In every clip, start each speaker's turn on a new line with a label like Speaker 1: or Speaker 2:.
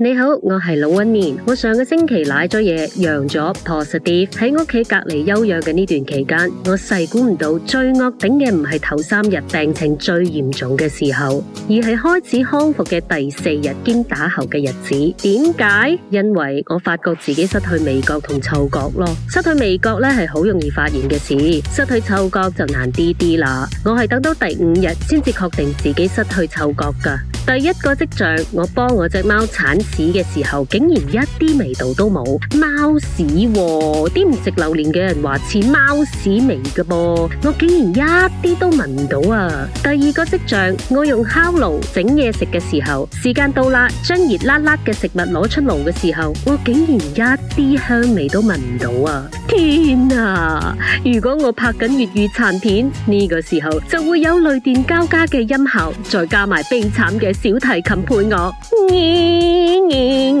Speaker 1: 你好，我係老溫面。我上個星期拉咗嘢，陽咗 p o s 喺屋企隔離休養嘅呢段期間，我細估唔到最惡頂嘅唔係頭三日病情最嚴重嘅時候，而係開始康復嘅第四日經打後嘅日子。點解？因為我發覺自己失去味覺同嗅覺咯。失去味覺咧係好容易發現嘅事，失去嗅覺就難啲啲啦。我係等到第五日先至確定自己失去嗅覺噶。第一個跡象，我幫我隻貓鏟屎嘅時候，竟然一啲味道都冇，貓屎喎，啲唔食榴蓮嘅人話似貓屎味㗎噃，我竟然一啲都聞唔到啊！第二個跡象，我用烤爐整嘢食嘅時候，時間到啦，將熱辣辣嘅食物攞出爐嘅時候，我竟然一啲香味都聞唔到啊！天啊！如果我拍緊粵語殘片，呢個時候就會有雷電交加嘅音效，再加埋悲慘嘅小提琴配我，咿咿。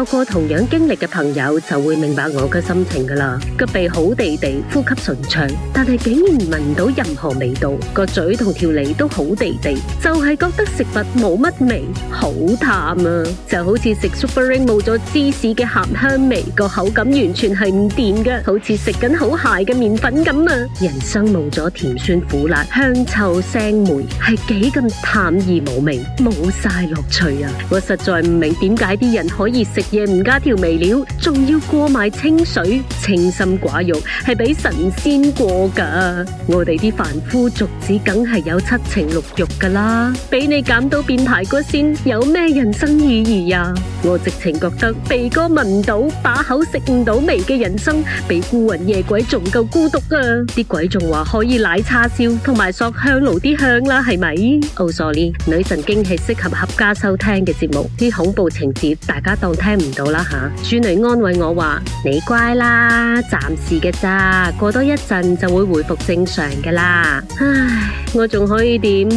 Speaker 1: 有個同樣經歷嘅朋友就會明白我嘅心情噶啦。個鼻好地地，呼吸順暢，但係竟然聞唔到任何味道。個嘴同條脷都好地地，就係覺得食物冇乜味，好淡啊！就好似食 Super Ring 冇咗芝士嘅鹹香味，個口感完全係唔掂噶，好似食緊好鞋嘅麵粉咁啊！人生冇咗甜酸苦辣香臭腥梅，係幾咁淡而無味，冇晒樂趣啊！我實在唔明點解啲人可以食。夜唔加調味料，仲要過埋清水，清心寡欲係俾神仙過噶。我哋啲凡夫俗子梗係有七情六欲噶啦，俾你減到變排骨先，有咩人生意義呀？我直情覺得鼻哥聞唔到，把口食唔到味嘅人生，比孤魂野鬼仲夠孤獨啊！啲鬼仲話可以奶叉燒同埋索香爐啲香啦，係咪？Oh, sorry，女神經係適合合家收聽嘅節目，啲恐怖情節大家當聽唔到啦吓，轉嚟安慰我話：你乖啦，暫時嘅咋，過多一陣就會回復正常噶啦。唉，我仲可以點？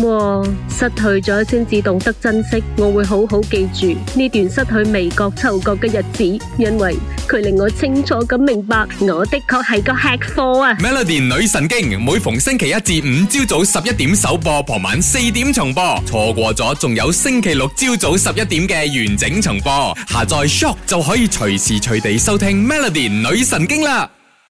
Speaker 1: 失去咗先至懂得珍惜，我會好好記住呢段失去味覺嗅覺嘅日子，因為佢令我清楚咁明白，我的確係個吃貨啊。Melody 女神經每逢星期一至五朝早十一點首播，傍晚四點重播，錯過咗仲有星期六朝早十一點嘅完整重播，下載就可以隨時隨地收聽 Melody 女神經喇！